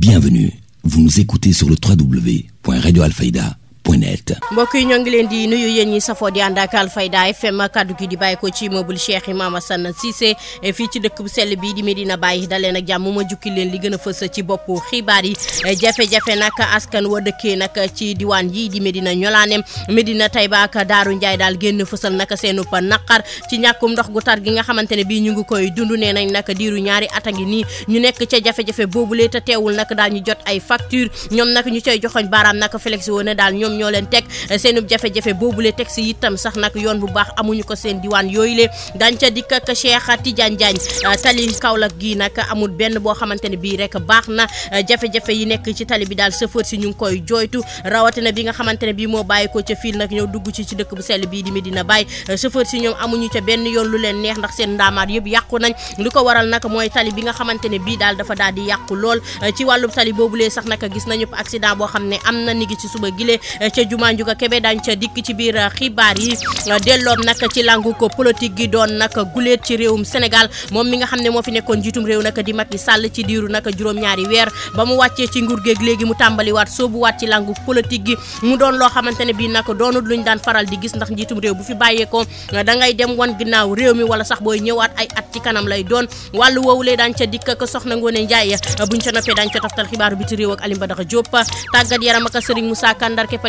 bienvenue. Vous nous écoutez sur le www.radioalfaïda.com. point mbokk yi ñoo ngi leen di nuyu yéen ñi safoo di ànd ak Alfayda FM kaddu gi di bàyyi ko ci immeuble Cheikh Imam Assane Cissé eh, fii ci dëkk bu sell bi di Medina Baye daleen ak jàmm ma jukki leen li gën a fës ci boppu xibaar yi eh, jafe-jafe nag askan wa dëkkee nag ci diwaan yi di Medina Ñolaane Medina Taïba ak Daaru Ndiaye daal génn fësal nag seenu pa naqar ci ñàkkum ndox gu tar gi nga xamante ne bii ñu ngi koy dund nee nañ nag diiru ñaari at a ngi nii ñu nekk ca jafe-jafe boobule te teewul nag daal ñu jot ay facture ñoom nag ñu cay joxoñ baaraam nag Félix Wone daal ñoom ñoo leen teg eh, seen jafe-jafe boobu boobule teg si itam sax nag yoon bu baax amuñu ko seen diwaan yooyu le dañ ca dikk ak Cheikh Tidiane Diagne eh, tali Kaolack gi nag amul benn boo xamante ne bii rek baax na eh, jafe-jafe yi nekk ci tali bi daal chauffeur si ñu ngi koy jooytu rawatina bi nga xamante ne bii moo bàyyi ko ca fil dugg ci ci dëkk bu sell bii di Medina Baye chauffeur si ñoom amuñu ca benn yoon lu leen neex ndax seen ndaamaat yëpp yàqu nañ li ko waral nag mooy tali bi nga xamante ne bii daal dafa daal di yàqu lool ci wàllum tali boobulee sax nag gis nañu accident boo xam ne am na ni ngi ci suba gilee ca jumaa Ndiouga Kébé dañ ca dikk ci biir xibaar yi delloom nag ci langu ko politique gi doon nag guléet ci réewum Sénégal moom mi nga xam ne moo fi nekkoon njiitum réew nag di Macky Sall ci diiru mu wàccee ci nguur géeg léegi mu tàmbaliwaat soobuwaat ci langu politique gi mu doon loo xamante ne bii nag doonul luñ daan faral di gis ndax njiitum réew bu fi bàyyeekoo da ngay dem wan ginnaaw réew mi wala sax booy ñëwaat ay at ci kanam lay doon wàllu woowulee daan ca dikk ak soxna Ngoone Njaay buñ ca noppee daañ ca toftal xibaaru biti réew ak Alioune Badara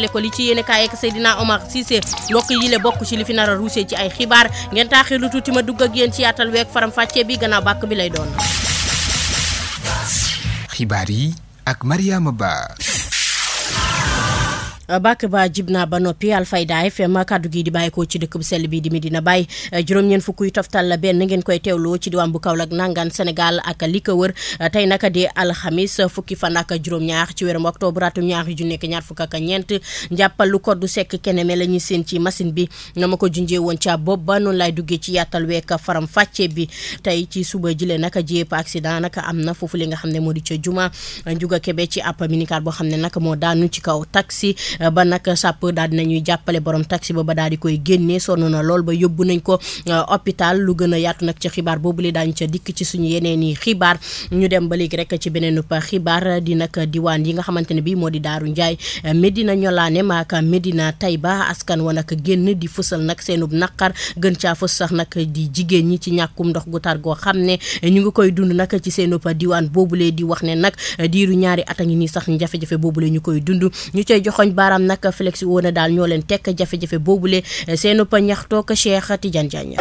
lekko li ci yéen kaay ak Seydina Omar Cissé mbokk yi bokk ci li fi nar a ruusee ci ay xibaar ngeen taaxee lu tuuti ma dugg ak yéen ci yaatal week faram fàccee bi gannaaw bàkk bi lay doon. xibaar yi ak Mariama Ba. bàkk ba jib naa ba noppi Alfayda FM kàddu gi di bàyyeekoo ci dëkk bu sell bi di Medina Baye juróom-ñeent fukkuy toftal la benn ngeen koy teewloo ci diwaan bu Kaolack nangaan Sénégal ak li ko wër tey naka di alxamis fukki fan ak juróom-ñaar ci weerum octobre atum ñaar yu nekk ñaar fukk ak ñeent njàppal lu ko du sekk keneme la ñuy seen ci machine bi nga ma ko junjee woon ca bopp ba noonu laay duggee ci yàttal week faram fàccee bi tey ci suba jile naka jépp accident naka am na foofu li nga xam ne moo di ca juma njuga kebe ci ab boo xam ne naka moo daanu ci kaw taxi Eh, ba nag sàpp daal dinañuy jàppale borom taxi ba ba daal di koy génne sonn na lool ba yóbbu nañ ko eh, hôpital lu gën a yaatu nag ca xibaar boobu li daañu ca dikk ci suñu yeneen i xibaar ñu dem ba léegi rek ci beneen xibaar di nag diwaan yi nga xamante ne bii moo di Daaru Njaay eh, Medina Ñolaane maaka Medina Tayba askan wa génn di fësal nag seenub naqar gën caa sax nag di jigéen ñi ci ñàkkum ndox gu tar goo xam ne ñu ngi koy dund nag ci seenub diwaan boobule di wax ne nag diiru ñaari at a nii sax jafe boobu boobule ñu koy dund ñu cay joxoñ baaraam nag Flexi woon na daal ñoo leen tekk jafe-jafe boobule eh, seen ëpp ñaxtoog Cheikh Tidiane Diagne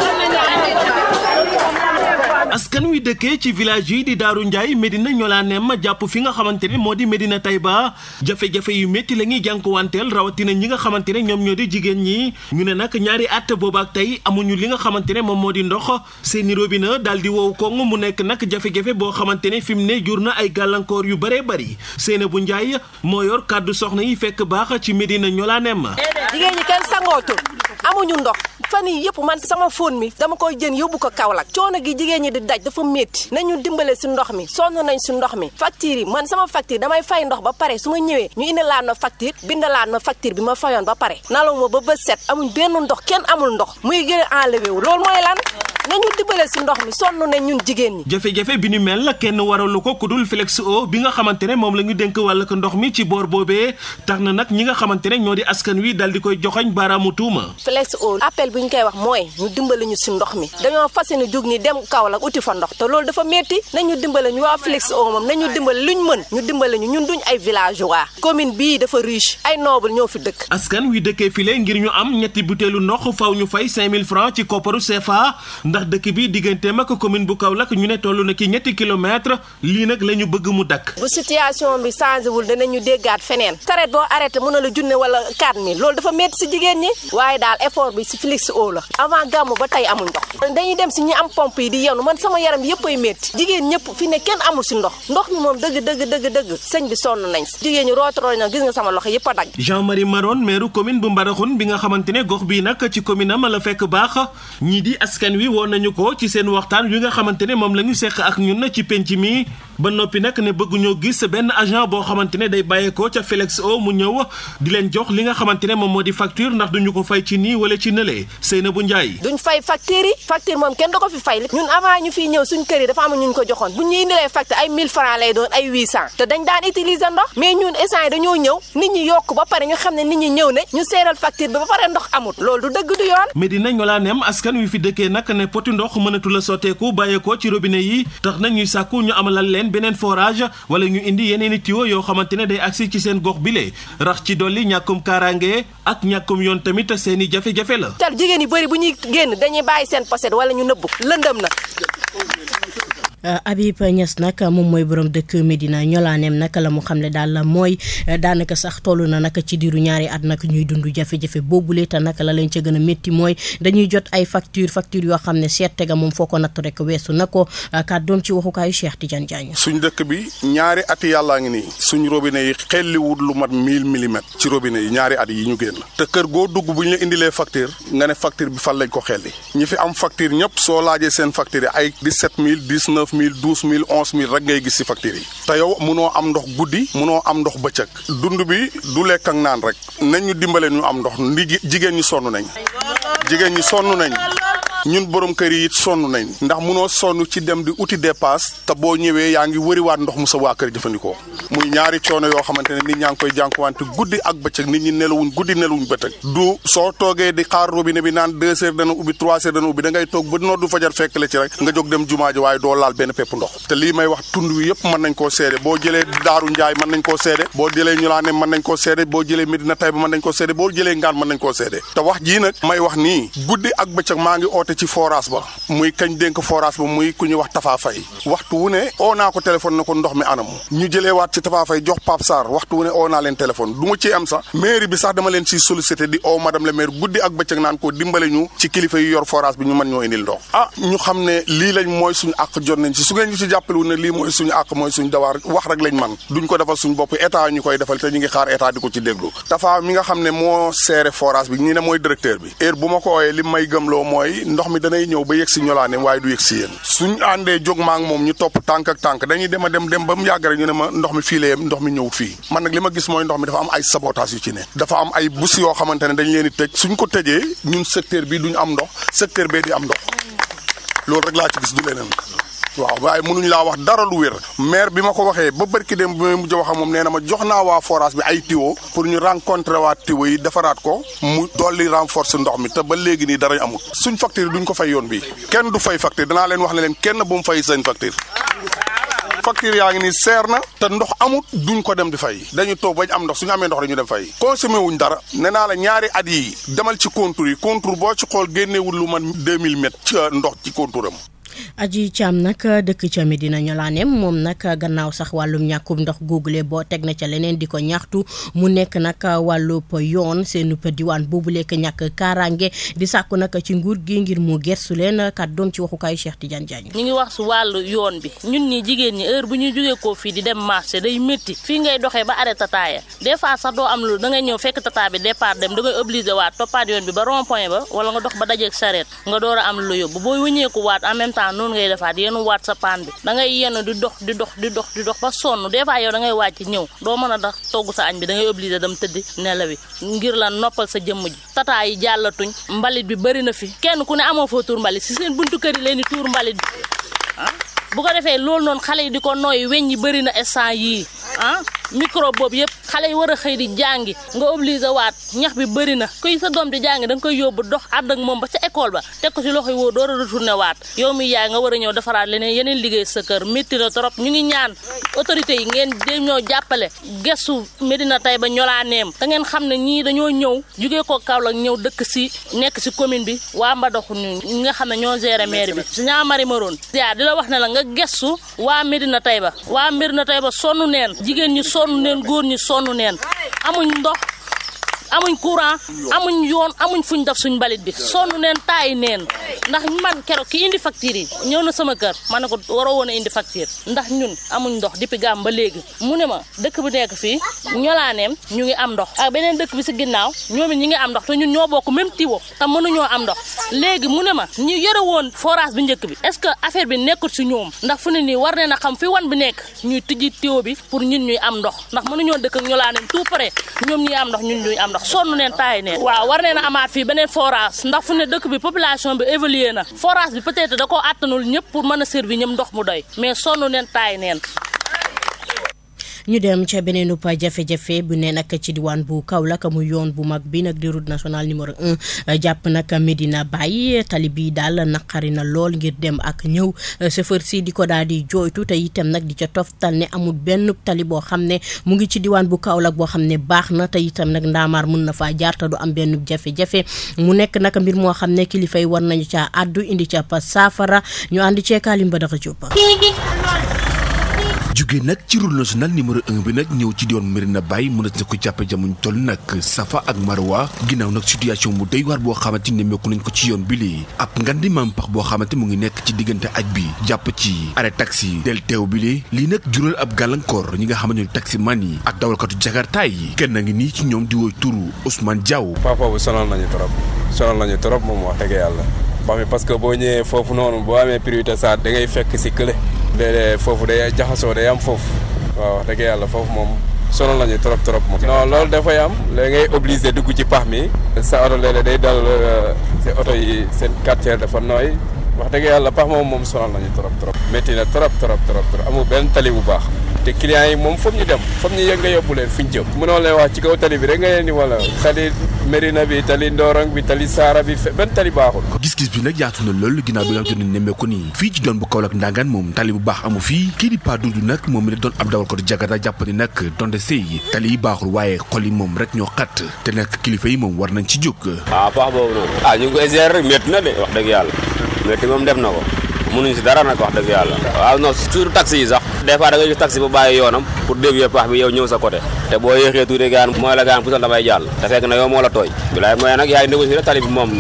askan wi dëkkee ci village yi di Daaru Ndiaye Medina Ñolaaneem jàpp fi nga xamante ne moo di Medina Taïba jafe-jafe yu métti la ñuy jànkuwanteel rawatina ñi nga xamante ne ñoom ñoo di jigéen ñi ñu ne nag ñaari at boobaak tey amuñu li nga xamante ne moom moo di ndox seeni robinet daal di ko koŋ mu nekk nag jafe-jafe boo xamante ne fi mu ne jur na ay gàllankoor yu bëree bëri Seynabou Ndiaye moo yor kàddu soxna yi fekk baax ci Medina Ñolaaneem jigéen ñi ndox fan yi yëpp man sama fon mi dama koy jën yóbbu ko Kaolack coono gi jigéen ñi di daj dafa métti nañu dimbale si ndox mi sonn nañ si ndox mi facture yi man sama facture damay fay ndox ba pare su ma ñëwee ñu indi laan ma facture bindalaan laan ma facture bi ma fayoon ba pare nalaw ma ba bët set amuñ benn ndox kenn amul ndox muy gën a wu loolu mooy lan nañu dimbale si ndox mi sonn nañ ñun jigéen ñi jafe-jafe bi ñu mel la kenn waralu ko ku dul Flex O bi nga xamante ne moom la ñu dénk wàll ndox mi ci boor boobee tax na nag ñi nga xamante ne ñoo di askan wi dal di koy joxoñ baaraamu tuuma bi ñu koy wax mooy ñu dimbali ñu si ndox mi dañoo fas yéene jóg ni dem Kaolack uti fa ndox te loolu dafa metti nañu dimbale ñu waa Félix o moom nañu dimbale luñ mën ñu dimbale ñu ñun duñ ay villageois commune bii dafa riche ay noble ñoo fi dëkk askan wi dëkkee file ngir ñu am ñetti butéelu ndox faw ñu fay 5000 francs ci kopparu CFA ndax dëkk bi digganteem ak commune bu Kaolack ñu ne toll na ki ñetti kilomètre lii nag la ñu bëgg mu dakk bu situation bi changé wul danañu déggaat feneen saret boo arrêté mën na la junne wala 4000 loolu dafa metti source la avant gàmmu ba tey amul ndox dañuy dem si ñi am pompe yi di yenu man sama yaram yëpp ay métti jigéen ñëpp fi ne kenn amul si ndox ndox mi moom dëgg dëgg dëgg dëgg sëñ bi sonn nañ si jigéen ñi rootorooñ na gis nga sama loxo yëpp a dagg Jean Marie Maron maire commune bu Mbaraxun bi nga xamante ne gox bii nag ci commune am la fekk baax ñii di askan wi woon nañu ko ci seen waxtaan wi nga xamante ne moom la ñu seq ak ñun ci penc mi ba noppi nag ne bëgguñoo gis benn agent boo xamante ne day bàyyeekoo ca Félix O mu ñëw di leen jox li nga xamante ne moom moo di facture ndax duñu ko fay ci nii wala ci nële Seynabou Ndiaye. duñ fay facture yi facture moom kenn da ko fi fay ñun avant ñu fiy ñëw suñ kër yi dafa ñu ñun ko joxoon bu ñuy indilee facture ay mille francs lay doon ay 800 te dañ daan utiliser ndox mais ñun esan yi dañoo ñëw nit ñi yokk ba pare ñu xam ne ni ñi ñëw nañ ñu seeral facture bi ba pare ndox amut loolu du dëgg du yoon. Medina Ñolaneem askan wi fi dëkkee nag ne poti ndox mënatu la sotteeku bàyyeekoo ci robinet yi tax na ñuy sàkku ñu amalal leen beneen forage wala ñu indi yeneen i tuyaux yoo xamante ne day agsi ci seen gox bile rax ci dolli ñàkkum kaaraange ak ñàkkum yoon tamit seen i jafe-jafe la. jigéen yu bëri bu ñuy génn dañuy bàyyi seen poset wala ñu nëbbu lëndëm na. Euh, Habib Niass nag moom mooy borom dëkk Medina ñolaaneem naka la mu ne daal la mooy euh, daanaka sax toll na nag ci diiru ñaari at nag ñuy dund jafe-jafe boobule te nag la leen ca gën a métti mooy dañuy jot ay facture facture yoo xam ne seette ga moom foo ko natt rek weesu na ko euh, kàddoom ci waxukaayu Cheikh Tidiane Diagne. suñ dëkk bi ñaari at yàllaa ngi nii. suñ robinet yi xelliwut lu mat 1000 milimètres. ci robine yi ñaari at yi ñu génn. te kër goo dugg bu ñu la nga ne facture bi fan lañ ko xelli ñi fi am facture ñëpp soo laajee seen facture yi ay 17000 19. neuf mille douze mille onze mille rek ngay gis si facture yi te yow noo am ndox guddi munoo am ndox bëccëg dund bi du lekk ak naan rek nañ ñu dimbale ñu am ndox ndi jigéen ñi sonn nañ jigéen ñi sonn nañ ñun borom kër yi it sonn nañ ndax munoo sonn ci dem di uti dépasse te boo ñëwee yaa ngi wëriwaat ndox mu sa waa kër jëfandikoo muy ñaari coono yoo xamante ne nit ñaa ngi koy jànkuwante guddi ak bëccëg nit ñi nelawuñ guddi nelawuñ bëccëg du soo toogee di xaar robine bi naan deux heures dana ubbi trois heures dana ubbi da ngay toog ba du fajar fekk la ci rek nga jóg dem jumaa ji waaye doo laal benn pepp ndox te lii may wax tund wi yëpp mën nañ koo seede boo jëlee daaru njaay mën nañ koo seede boo jëlee ñulaane mën nañ koo seede boo jëlee medina tayba mën nañ koo seede boo jëlee mën nañ koo seede wax jii nag may wax nii guddi ak bëccëg maa ngi oote woote ci forage ba muy kañ dénk forage ba muy ku wax Tafa waxtu wu ne oo naa ko téléphone na ko ndox mi anam ñu jëlee waat ci Tafa jox Pape Sarr waxtu wu ne oo naa leen téléphone du ma am sax mairie bi sax dama leen ciy sollicité di oo madame le maire guddi ak bëccëg naan ko dimbale ñu ci kilifa yu yor forage bi ñu mën ñoo indil ndox ah ñu xam ne lii lañ mooy suñu àq jot nañ ci su ngeen ñu ne lii mooy suñu àq mooy suñu dawaar wax rek lañ ndox mi danay ñëw ba yegg si ñolaaneem waaye du yegg si yéen suñ àndee jóg moom ñu topp tànk ak tànk dañuy dem a dem dem ba mu yàgg rek ñu ne ma ndox mi fii la yem ndox mi ñëwut fii man nag li ma gis mooy ndox mi dafa am ay sabotage yu ci ne dafa am ay bus yoo xamante ne dañ leen di tëj suñ ko tëjee ñun secteur bi duñu am ndox secteur bee di am ndox loolu rek laa ci gis du leneen waaw waaye mënuñu laa wax dara lu wér maire bi ma ko waxee ba barki dem bi may mujj wax moom nee na ma jox naa waa forage bi ay tiwo pour ñu rencontré waa tiwo yi defaraat ko mu dolli renforce ndox mi te ba léegi nii dara amul suñ facture duñ ko fay yoon bi kenn du fay facture danaa leen wax ne leen kenn bu mu fay seen facture facture yaa ngi ni seer na te ndox amut duñ ko dem di fay dañu toog bañ am ndox suñu amee ndox dañu dem fay consommé wuñ dara nee naa la ñaari at yi demal ci contour yi contour boo ci xool génnewul lu man 2000 mètres ci euh, ndox ci contour am Adji Thiam nag dëkk ca Medina Ñolaaneem moom nag gannaaw sax wàllum ñàkkum ndox google boo teg na ca leneen di ko ñaxtu mu nekk nag wàllub yoon seen diwaan boobu lekk ñàkk kaaraange di sàkku nag ci nguur gi ngir mu gersu leen kàddoom ci waxu waxukaayu Cheikh Tidiane Diagne. ñu ngi wax su wàllu yoon bi ñun ñi jigéen ñi heure bu ñu jugee koo fii di dem marché day métti fii ngay doxee ba arrêté tataaya des fois sax doo am lu da ngay ñëw fekk tata bi départ dem da ngay obligé waat toppaat yoon bi ba rond point ba wala nga dox ba dajeeg charrette nga door am lu temps noonu ngay defaat yéen waat sa paan bi da ngay yenn di dox di dox di dox di dox ba sonn des fois yow da ngay ñëw doo mën a dax togg sa añ bi da ngay obligé dem nelawi ngir la noppal sa jëmm ji tataa yi jàllatuñ mbalit bi bëri na fi kenn ku ne amoo foo tuur mbalit si seen buntu kër yi leen di tuur mbalit bi ah? bu ko defee loolu noonu xale yi di ko nooy weñ yi bëri na instant yii ah microbe boobu yëpp xale yi war a xëy di jàngi nga obligé waat ñax bi bëri na kuy sa doom di jàngi da koy yóbbu dox ànd ak moom ba ca école ba te ko si loxo yi woo door a retourné waat yow mi yaay nga war a ñëw defaraat leneen yeneen liggéey sa kër métti na trop ñu ngi ñaan autorité yi ngeen dé ñoo jàppale gestu Medina Taïba ñolaaneem da ngeen xam ne ñii dañoo ñëw jugee ko Kaolack ñëw dëkk si nekk si commune bi waa Mbadoxu ñi nga xam ne ñoo géré maire bi si ñaa mari maroon di la wax ne la nga gestu waa Medina Taïba waa Medina Taïba sonn neen jigéen sonn neen góor ñi soonu neen amuñ ndox amuñ courant amuñ yoon amuñ fuñ def suñ mbalit bi sonn neen taay neen ndax man keroog ki indi facture yi ñëw na sama kër ma ne ko waroo woon a indi facture ndax ñun amuñ ndox depuis gàmm ba léegi mu ne ma dëkk bi nekk fii ñolaaneem ñu ngi am ndox ak beneen dëkk bi si ginnaaw ñoom it ngi am ndox te ñun ñoo bokk même tiwo te mënuñoo am ndox léegi mu ne ma ñu yore woon forage bi njëkk bi est-ce que affaire bi nekkul si ñoom ndax fu ne nii war ne na xam fi wan bi nekk ñuy tijji tiwo bi pour ñun ñuy am ndox ndax mënuñoo dëkk ak ñolaaneem tout près ñoom ñuy am ndox ñun ñuy am ndax sonn neen taay neen waaw war neen a amaat fii beneen forage ndax fu ne dëkk bi population bi évolué na forage bi peut-être da koo àttanul ñëpp pour mën a servir ñëpp ndox mu doy mais sonn neen taay neen ñu dem ca beneen up jafe-jafe bu ne nag ci diwaan bu Kaolack mu yoon bu mag bi nag di route nationale numéro un eh, jàpp nag Medina Baye tali bii daal naqari na lool ngir dem ak ñëw eh, chauffeur si di ko daal di jooytu te itam nag di ca toftal ne amul benn tali boo xam ne mu ngi ci diwaan bu Kaolack boo xam ne baax na te itam nag ndaamaar mun na fa jaar te du am benn jafe-jafe mu nekk nag mbir moo xam ne kilifa yi war nañu caa addu indi ca pa saafara ñu ànd ceekaalim ba dafa jóp jugee nag ci route nationale numéro 1 bi nag ñëw ci yoon na bàyyi mënees na ko jàppe jamuñ toll nag Safa ak Marwa ginnaaw nag situation bu doy waar boo xamante ne meeku nañ ko ci yoon bi lii ab ngandi maam boo xamante mu ngi nekk ci diggante aj bi jàpp ci arrêt taxi del teew bi lii lii nag jural ab gàllankoor ñi nga xamante ne taximan yi ak dawalkatu jakarta yi kenn a ngi nii ci ñoom di woy turu Ousmane Diaw. papa bu sonal nañu trop sonal nañu trop moom wax dëgg yàlla. bami parce que boo ñëwee foofu noonu boo amee priorité saa da ngay fekk si kële léeg-léeg foofu day jaxasoo day am foofu waaw wax dëgg yàlla foofu moom sono nañu trop trop moom non loolu dafay am léegi ngay obligé dugg ci pax mi sa oto léeg day dal euh, seen oto yi seen quartier dafa nooy wax dëgg yàlla pax moom moom sonal nañu trop trop métti na trop trop trop trop amul benn tali bu baax te clients yi moom foog ñu dem foog ñu yëg nga yóbbu leen fi ñu jëm. mënoo lay wax ci kaw tali bi rek nga leen ni wala tali Mérina bi tali Ndorong bi tali Saara bi benn tali baaxul. gis-gis bi nag yaatu na lool ginnaaw bi nga xam ne nemmeeku nii fii ci doon bu Kaolack Ndangaan moom tali bu baax amu fii kii di Pa Dudu nag moom mi la doon ab dawalkatu jagata jàpp ni yi moom rek ñoo xat te nag kilifa yi moom war nañ ci jóg. ah pax ah, na de wax dëgg yàlla métti moom def na ko mënuñ si dara nag wax dëgg yàlla waaw ah, non surtout taxi yi sax des fois da ngay gis taxi bu bàyyi yoonam pour dévier pax bi yow ñëw sa côté te boo yéexee tuuti gaan mooy la gaan pusal damay jàll te na yow moo tooy bilaay mooy yaay négocier tali bi moom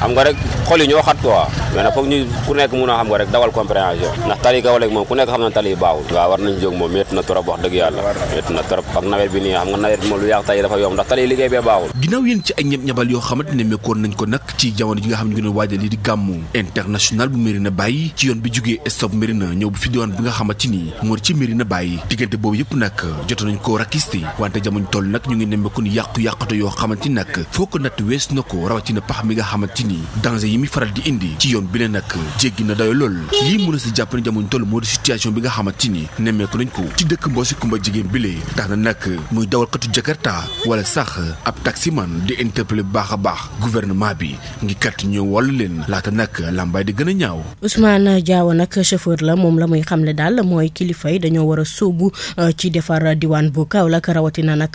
xam rek xol yi ñoo xat quoi mais nag foog ñu ku nekk mun a xam nga rek dawal compréhension ndax tali Kaolack moom ku nekk xam na tali yi baaxul waaw war nañ jóg moom métti na trop wax na trop ak nga nawet bi moom lu yàq tali dafa yomb ndax tali liggéey bee baaxul ginnaaw yéen ci ay ñëpp ñabal yoo xamante ne ci jamono ji nga xam ne ñu doon waajal lii di gàmmu international bu Médina Baye ci yoon bi nga xamante ci Médina Baye diggante boobu yëpp nag joto nag foo ko natt wees na ko rawatina pax mi faral di indi ci yoon bi ne nag jéggi na dayo lool lii mën a si jàpp ne jamono moo di bi nga xamante ni nemmeeku nañ ko ci dëkk mboosi kumba jigéen bile tax na nag muy dawalkatu jakarta wala sax ab taximan di interpellé bu baax a baax gouvernement bi ngi kat ñëw wàllu leen laata nag làmbaay di gën a ñaaw Ousmane Diawo nag chauffeur la moom la muy xamle daal mooy kilifa yi dañoo war a euh, ci defar diwaan bu Kaolack rawatina nag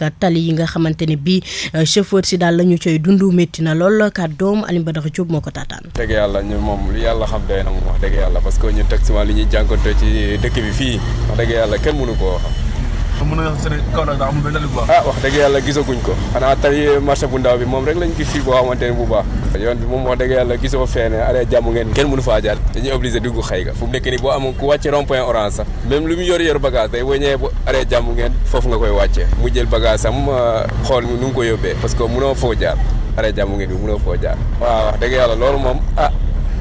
waxtaan. dëgg yàlla ñu moom yàlla xam doy na moom wax dëgg yàlla parce que ñu teg souvent li ñuy jànkonte ci dëkk bi fii wax dëgg yàlla kenn mënu koo xam. a ah, wax dëgg yàlla gisaguñ ko. xanaa tali marché bu ndaw bi moom rek lañ fii boo xamante ne bu baax. moom wax dëgg yàlla gisoo fee ne aree jàmm ngeen kenn mënu faa jaar dañuy obligé dugg xëy ga fu mu nekk nii boo amoon ku wàcce rond point orange sax même lu mu yor yor bagage day wëñee bu aree jàmm ngeen foofu nga koy wàccee mu jël bagage am euh, xool nu mu ko yóbbee parce que mënoo foo jaar are jàmm ngi nii mënoo foo jaar waaw wax dëgg yàlla loolu moom ah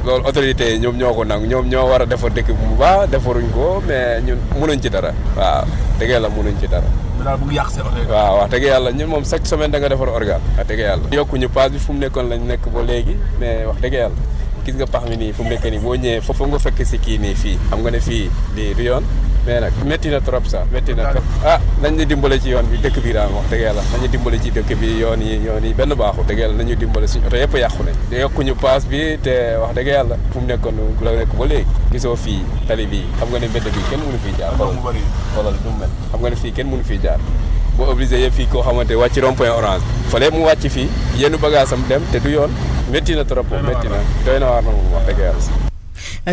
loolu autorités yi ñoom ñoo ko nangu ñoom ñoo war a defar dëkk bu baax defaruñ ko mais ñun mënuñ ci dara waaw dëgg yàlla mënuñ ci dara daal bu yàq seen waaw wax dëgg yàlla ñun moom chaque semaine da nga defar organe wax dëgg yàlla yokkuñu paas bi fu mu nekkoon lañ nekk ba léegi mais wax dëgg yàlla gis nga pax mi nii fu mu nekk nii boo ñëwee foofu nga fekk si kii nii fii xam nga ne fii di du yoon mais nag métti na trop sax métti na trop ah nañ dimbale ci yoon bi dëkk bi daal wax dëgg yàlla nañu dimbale ci dëkk bi yoon yi yoon yi benn baaxu dëgg yàlla nañu dimbale suñu oto yëpp yàqu nañ yokkuñu paas bi te wax dëgg yàlla fu mu nekkoon la nekk ba léegi gisoo fii tali bi xam nga ne mbedd bi kenn mënu fii jaar xoolal du mel xam nga ne fii kenn mënu fii jaar boo fii koo xamante wàcc rond point orange fale mu wàcc fii yenn bagage am dem te du yoon métti na trop métti na doy na waar na moom wax dëgg yàlla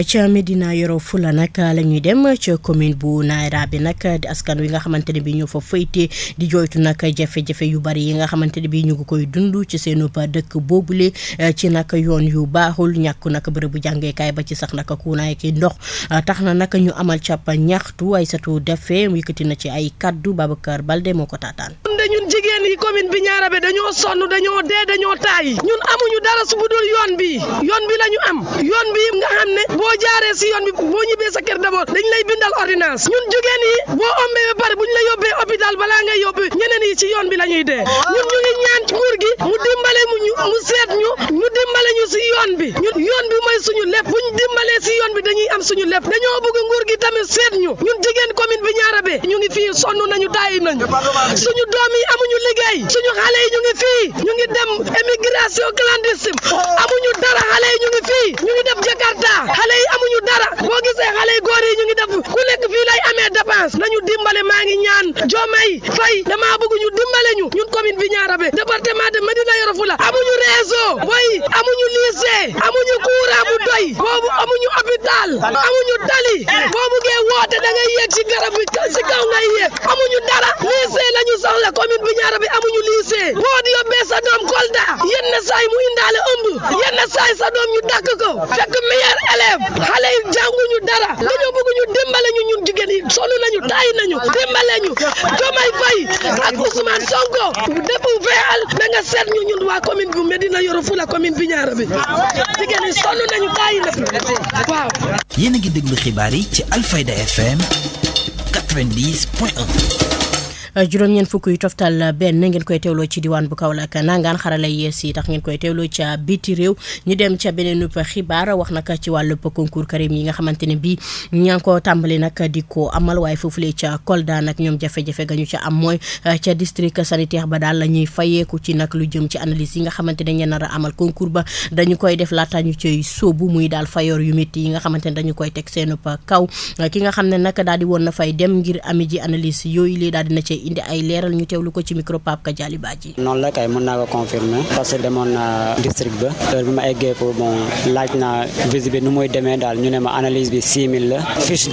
ca Medina Yoro Fula nag la ñuy dem ca commune bu Nairobi nag di askan wi nga xamante ne bi ñoo fa fayte di jooytu nag jafe-jafe yu bari yi nga xamante ne bi ñu ngi koy dund ci seenu dëkk boobule eh, ci nag yoon yu baaxul ñàkk nag bu jàngeekaay ba ci sax nag kuunaay ki ndox eh, tax na nag ñu amal càpp ñaxtu ay satu defee yëkkati na ci ay kaddu Babacar Balde moo ko taataan ñun jigéen yi commune bi ñaarabe dañoo sonn dañoo dee dañoo taay ñun amuñu dara boo jaaree si yoon sa kër d'abord dañ lay bindal ñun jógee nii boo la yóbbee hôpital balaa yi ci yoon bi la ñun ñu ngi ñaan ci nguur gi mu dimbale mu ñu mu seet ñu mu dimbale ñu si yoon bi ñun yoon bi mooy suñu lépp am suñu lépp dañoo bëgg nguur gi tamit seet ñu ñun jigéen commune bi ñaarabe ñu ngi fii sonn nañu tàyyi nañu suñu doom yi amuñu liggéey suñu xale yi ñu ngi fii ñu ngi dem émigration clandestine amuñu dara xale yi fii ñu ngi Jakarta xale yi amuñu dara boo gisee xale yi góor yi ñu ngi def ku nekk fii lay amee dépense nañu dimbale maa ngi ñaan Jomay Faye damaa bëgg ñu dimbale ñu ñun commune bi ñaarabe département de Médina Yoro Foulah amuñu réseau boy amuñu lycée amuñu courant bu doy boobu amuñu hôpital amuñu tali boo buggee woote da ngay yéeg ci garab bi si kaw ngay yéeg amuñu dara lycée la ñu soxla commune bi ñaarabe amuñu lycée boo di yóbbee sa doom saay mu indaale ëmb yenn saay sa doom xale yi jànguñu dara dañoo bëgg ñu ñu ñun jigéen yi sonn nañu taay nañu dimbale ñu Diomaye Faye ak Ousmane Sonko depuis vingt al na seet ñu ñun waa commune bu Médina Yoro Fula commune Bignona bi jigéen yi sonn nañu taay nañu waaw. yéen ngi déglu xibaar yi ci Alfayda FM juróom-ñeent fukk yu toftal benn ngeen koy teewloo ci diwaan bu Kaolack nangaan xarala yees yi tax ngeen koy teewloo ca biti réew ñu dem ca beneen xibaar wax nag ci wàllub concours Karim yi nga xamante ne bii ñaa ngi ko tàmbali nag di ko amal waaye foofulee ca Kolda nag ñoom jafe-jafe ca am mooy eh, ca district sanitaire ba daal la ñuy fayeeku ci nag lu jëm ci analyse yi nga xamante ne ña nar amal concours ba dañu koy def laata ñu cay sóobu muy daal fayoor yu métti yi nga xamante ne dañu koy teg seen kaw ki nga xam ne nag daal di woon na fay dem ngir ami ji analyse yooyu lii daal dina cay indi ay leeral ñu teewlu ko ci micro Pape Kadiali Badji. noonu la kay mën naa ko confirmer parce demoon naa district ba daal ñu ne ma analyse bi 6000 la fiche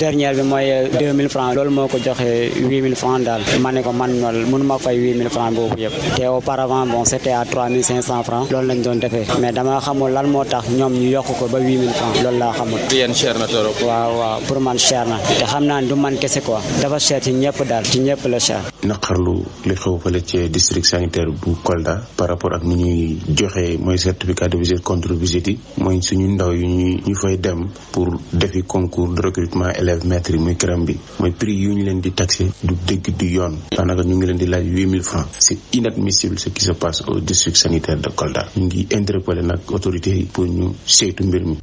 loolu moo ko joxe 8000 francs daal ma ne ko man loolu ma fay 8000 boobu yëpp te auparavant bon c'était à 3500 francs loolu lañ doon defee mais dama xamul lan moo tax ñoom ñu yokk ko ba 8000 loolu laa xamul. yéen cher na trop. waaw waaw pour man cher na te xam naa du man kese quoi dafa cher ci ñëpp daal ci ñëpp la cher. naqarlu li xew fële ci district sanitaire bu Kolda par rapport ak ni ñuy joxe mooy certificat de visite contre visite yi mooy suñu ndaw yu ñuy ñu fay dem pour defi concours de recrutement élèves maîtres yi muy CREM bi mooy prix yu ñu leen di taxé du dëgg du yoon daanaka ñu ngi leen di laaj huit mille francs c'est inadmissible ce qui se passe au district sanitaire de Kolda ñu ngi interpeller nag autorités yi pour ñu saytu mbir mi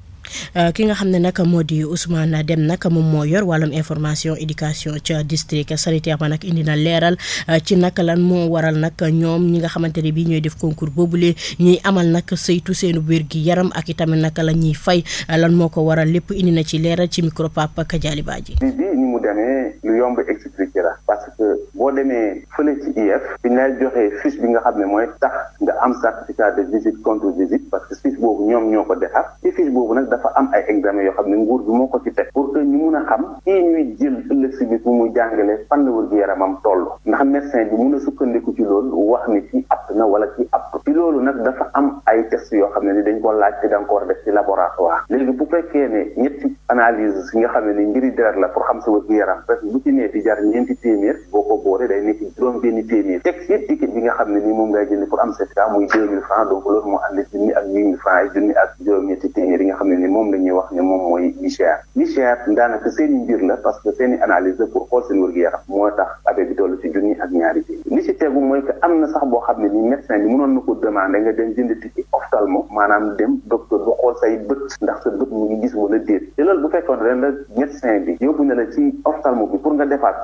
Euh, ki nga xam ne nag moo di Ousmane Deme nag moom moo yor wàllum information éducation ca district sanitaire ba nag indi na leeral euh, ci nag lan moo waral nag ñoom ñi nga xamante ne bii ñooy def concours lee ñuy amal nag saytu seen wér gi yaram ak itamit nag la ñuy fay euh, lan moo ko waral lépp indi na ci leeral ci micro Papa Kadiali Badji. bi ni mu demee lu yomb expliqué la parce que boo demee fële ci IEF bi lay joxee fiche bi nga xam ne mooy tax nga am certificat de visite contre dafa am ay examen yoo xam ne nguur bi moo ko ci teg pour que ñu mun a xam kii ñuy jël ëllëg si bis bu muy jàngale fan la wër gi yaramam toll ndax médecin bi mun a sukkandiku ci loolu wax ni ci apt na wala ci apt ci loolu nag dafa am ay test yoo xam ne ni dañ koo laaj ci danga ko war def ci laboratoire léegi bu fekkee ne ñetti analyse si nga xam ne ni mbiri deret la pour xam sa wér gu yaram parce que bu nee di jar ñeenti téeméer boo ko boole day nekk juróom benn téeméer teg ci ticket bi ne ni moom ngay jënd pour am certificat muy deux mille francs donc loolu yi nga xam ne ni moom la ñuy wax ne moom mooy li cher li cher daanaka seen mbir la parce que seen i analyse la pour xool seen wér gu yaram moo tax affaire bi toll ci junni ak ñaari téeméer li ci tegu mooy que am na sax boo xam ne ni médecin bi mënoon na ko demander nga dem jënd ticket ophtalmo maanaam dem docteur bu xool say bët ndax sa bët mu ngi gis wala déet nag bu fekkoon ren la médecin bi yóbbu na la ci ko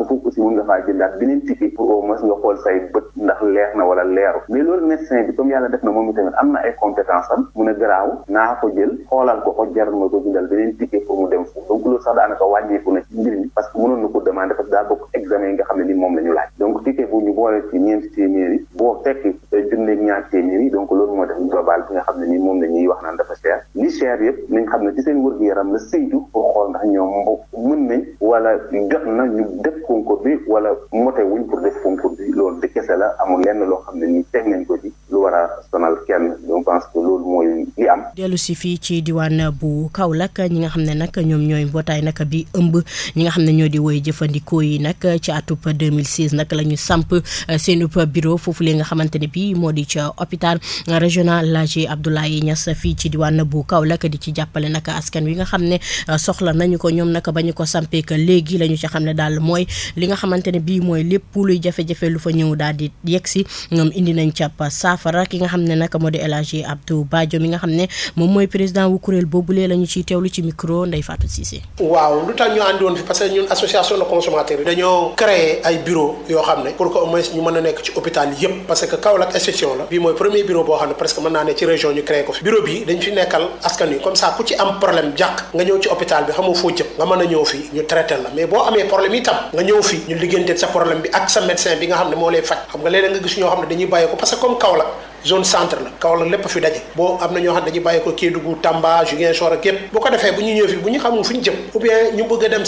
foofu aussi mun nga faa jëndaat beneen ticket pour ndax leer na wala leeru mais loolu médecin bi comme yàlla def na moom itamit am na ay compétence am a garaaw naa ko ko ko ma ko jëndal beneen mu dem foofu donc loolu sax daanaka wàññeeku na ci que mënoon na ko demander parce que daa bokk examen yi nga xam ne ni moom la boo fekk junneeg ñaar téeméer donc loolu moo def global bi nga xam ne ni moom la ñuy wax naan dafa cher li cher yëpp nañ xam ne ci seen wër-gu-yaram la saytu pour xool ndax ñoom mën nañ wala jot na ñu def concours bi wala mote wuñ pour def concours bi loolu de kese la amul lenn loo xam ne ni teg nañ ko ci lu war a sonal kenn je pense fii ci diwaan bu Kaolack ñi nga xam ne nag ñoom ñooy mbootaay nag bi ëmb ñi nga xam ne ñoo di woy jëfandikoo yi nag ci atub 2016 nag la ñu samp eh, seen bureau foofu li nga xamante ne bii moo di ca hôpital régional Laji Abdoulaye Niass fii ci diwaan bu Kaolack di ci jàppale nag askan wi nga xam ne. Eh, Euh, soxla nañu ko ñoom naka ba ñu ko sampee léegi la ci xam ne daal mooy li nga xamante ne bii mooy lépp luy jafe-jafe lu fa ñëw daal di yegg si ñoom indi nañ ca saafara ki nga xam ne naka moo di El bureau yoo xam ne. pour que au ñu mën a nekk ci hôpital yëpp. parce que Kaolack exception la. bii mooy premier bureau boo xam ne presque mën naa ne ci région ñu créé ko fi. bureau bi dañ fi nekkal askan wi comme ça ku ci am problème jàq hôpital bi xamoo foo jëm nga mën a ñëw fii ñu traité la mais boo amee problème itam nga ñëw fii ñu liggéeyante sa problème bi ak sa médecin bi nga xam ne moo lay faj xam nga léeg nga gis xam ne dañuy bàyyi ko parce que comme Kaolack zone centre la Kaolack lépp fi daje boo am na ñoo xam ne dañuy bàyyi ko Kédougou Tamba Ziguinchor ak yépp boo ko defee bu ñu ñëw fi bu ñu xamul a dem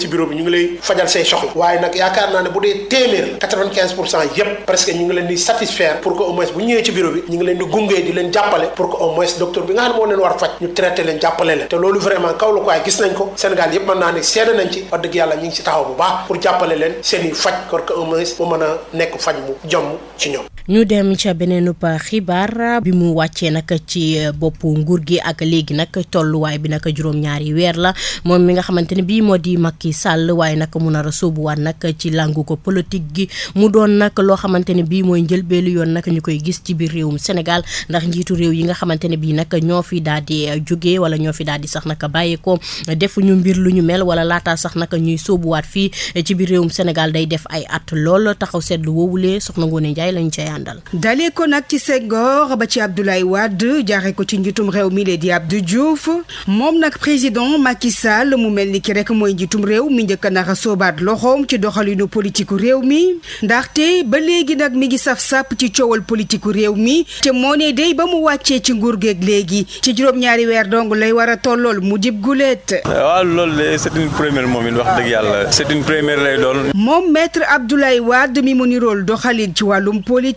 si ki fajal say soxla waaye nag yaakaar naa ne bu dee téeméer la 95 pour cent yépp presque ñu ngi leen di satisfaire pour que au moins bu ñëwee ci bureau bi ñu ngi leen di gungee di leen jàppale pour que au moins docteur bi nga xam moo leen war faj ñu traité leen jàppale leen te loolu vraiment kaw la ko waaye gis nañ ko Sénégal yëpp mën naa ne seede nañ ci wax dëgg yàlla ñu ngi ci taxaw bu baax pour jàppale leen seen i faj kor que au moins mu a nekk faj mu jomm ci ñoom ñu dem ca beneen xibaar bi mu wàccee nag ci eh, boppu nguur gi ak léegi nag tolluwaay bi nag juróom-ñaari weer la moom mi nga xamante ne bii moo di Macky Sall waaye nag mu nar a sóobuwaat nag ci làngu ko politique gi mu doon nag loo xamante ne bii mooy njëlbeelu yoon nag ñu koy gis ci biir réewum Sénégal ndax njiitu réew yi nga xamante ne bii nag ñoo fi daal di eh, jóge wala ñoo fi daal di sax nag ko defuñu mbir lu ñu mel wala laataa sax nag ñuy sóobuwaat fii ci biir réewum Sénégal day def ay at lool taxaw seetlu woowulee soxna Ngoone Njaay lañ ca àndal dalee ko nag ci Senghor ba ci Abdoulaye Wade jaaree ko ci njiitum réew mi lee di Abdou Diouf moom nag président Macky Sall mu mel ni ki rek mooy njiitum réew mi njëkk a nar a soobaat loxoom ci doxalinu politiku réew mi ndaxte ba léegi nag mi ngi saf-sàpp ci coowal politiku réew mi te moo ne day ba mu wàccee ci nguur géeg léegi ci juróom-ñaari weer dong lay war a tollool mu jib guleet waaw loolu de c'est une moom it wax dëgg yàlla c'est une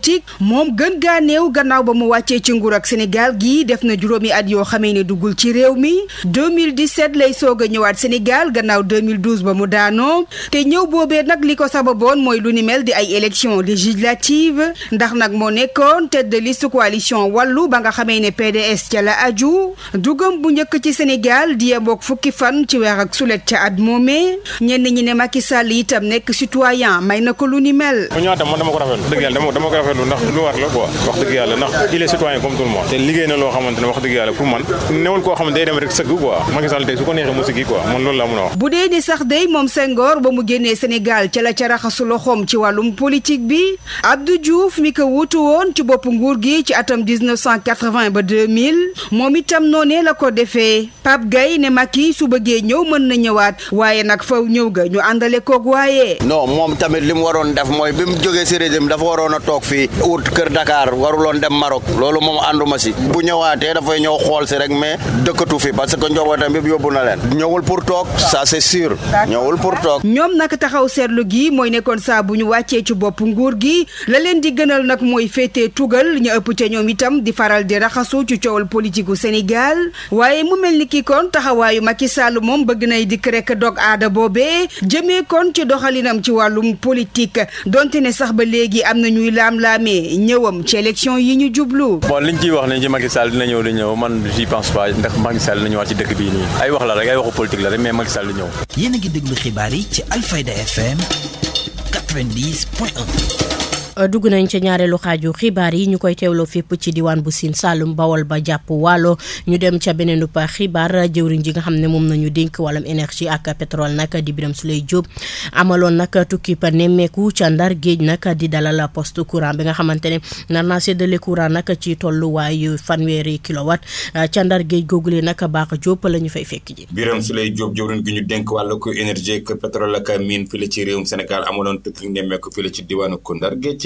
politique moom gën gaa néew gannaaw ba mu wàccee ci nguur ak Sénégal gii def na juróomi at yoo xamee ne duggul ci réew mi 2017 lay soog a ñëwaat Sénégal gannaaw 2012 ba mu daanoo te ñëw boobee nag li ko sababoon mooy lu ni mel di ay élection législative ndax nag moo nekkoon tête de liste coalition wallu ba nga xamee ne PDS ca la aju dugam bu njëkk ci Sénégal di yemboog fukki fan ci weex ak sulet ca at moomee ñenn ñi ne Macky Sall itam nekk citoyen may na ko lu ni mel. rafetlu ndax lu war la quoi wax dëgg yàlla ndax il est citoyen comme tout le te liggéey na loo xamante wax dëgg yàlla pour man newul koo xamante day dem rek sëgg ko neexee mu sigi quoi man loolu laa mën a wax bu dee ni sax day moom Senghor ba mu génnee Sénégal ca la ca raxasu loxoom ci wàllum politique bi Abdou Diouf mi ko wuutu woon ci bopp nguur gi ci atam 1980 ba 2000 moom itam noonee la ko defee Pape Gueye ne Macky su bëggee ñëw mën na ñëwaat waaye nag faw ñëw ga ñu àndale koog waaye non li mu waroon def mooy bi a toog fii di wut kër Dakar waruloon dem Maroc loolu moom ànduma si bu ñëwaatee dafay ñëw xool si rek mais dëkkatu fi parce que njabootam bi yóbbu na leen ñëwul pour toog ça c'est sûr ñëwul pour toog. ñoom nak taxaw seetlu gi mooy nekkoon saa bu ñu wàccee ci bopp nguur gi la leen di gënal nag mooy féetee tugal ñu ëpp ca ñoom itam di faral di raxasu ci coowal politique gu Sénégal waaye mu mel ni kii kon taxawaayu Macky Sall moom bëgg nay dikk rek dog aada boobee jëmee kon ci doxalinam ci wàllum politique laam-laamee ñëwam ci élection yi ñu jublu. bon liñ ciy wax ne ci Macky Sall dina ñëw di ñëw man j'y pense pas ndax Macky Sall a ñëwaat ci dëkk bii nii ay wax la rek ay waxu politique la rek mais Macky Sall di ñëw. yéen a ngi déglu xibaar yi ci Alfayda FM 90 point Euh, dugg nañ ca ñaareelu xaaju xibaar yi ñu koy teewloo fépp ci diwaan bu Sine Saalum Bawol ba jàpp Waalo ñu dem ca beneen pa xibaar jëwriñ ji nga xam ne moom nañu dénk wàllum énergie ak pétrole nag di Birame Souleye Diop amaloon nag tukki pa nemmeeku ca Ndar géej nag di dalal poste courant bi nga xamante ne nar naa séddale courant nag ci tolluwaayu fanweeri kilowatt euh, ca Ndar géej googule nag baax Diop ñu fay fekk ji. Birame Souleye Diop ñu dénk wàllu énergie ak pétrole ak mine fii la ci réewum Sénégal amaloon tukki nemmeeku fii la ci diwaanu Ndar géej